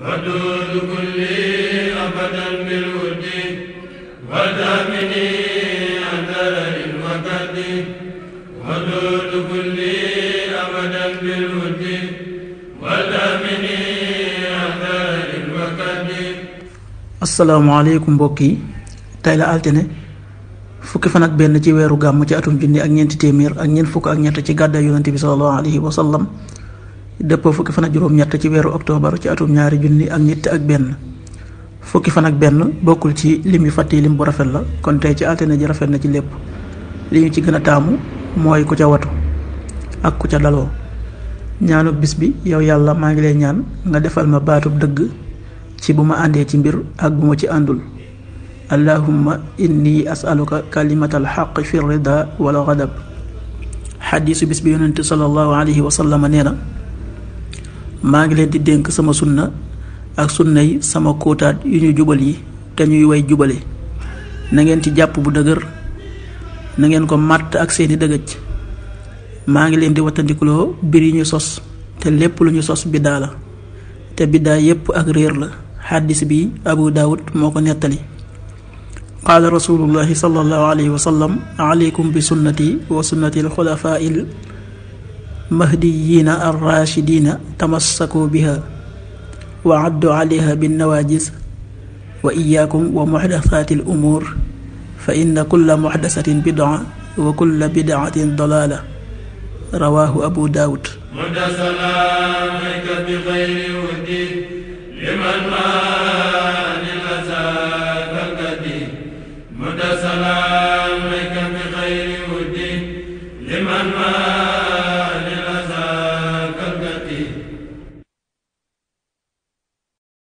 ودود كلي أبدا بالود ودامني أثر الوقت ودود كلي أبدا بالود ودامني أثر الوقت السلام عليكم بوكي تايلا التني fukki fan ak benn ci weeru gàmm ci atum junni ak ñeenti téeméer ak ñeent fukk ak ñett ci gàddaay yonente bi sallallahu alayhi wa sallam dëppoo fukki fan ak juróom-ñett ci weeru octobre ci atum ñaari junni ak ñett ak benn fukki fan ak benn bokkul ci lim yu fàtte lim bu rafet la kon tey ci altine ji rafet na ci lépp li ñu ci gën a taamu mooy ku ca watu ak ku ca daloo ñaanu bis bi yow yàlla maa ngi lay ñaan nga defal ma baatub dëgg ci bu ma àndee ci mbir ak bu ma ci àndul allahumma inni asaluka kalimatal xaq fi rida wala xadab xadiisu bis bi yonente sallallahu alayhi wa sallam nee na maa ngi leen di dénk sama sunna ak sunna yi sama kóotaat yu ñu jubal yi te ñuy woy jubale na ngeen ci jàpp bu dëgër na ngeen ko màtt ak seeni dëgëj maa ngi leen di wattandikuloo bir yi ñu sos te lépp lu ñu sos biddaa la te biddaa yépp ak réer la xaddis bi abu daawud moo ko nettali qaala rasulullahi sallallahu alayhi wa sallam aleykum bi sunnati wa sunnati alxulafaa il mahdiyiina arraashidiina tamassakuu biha wa addu alayha binnawaajis wa iyaakum wa muxdasaati al umuur fa inna kulla muxdasatin bidaa wa kulla bidaatin dalaala rawaahu abu daawud liman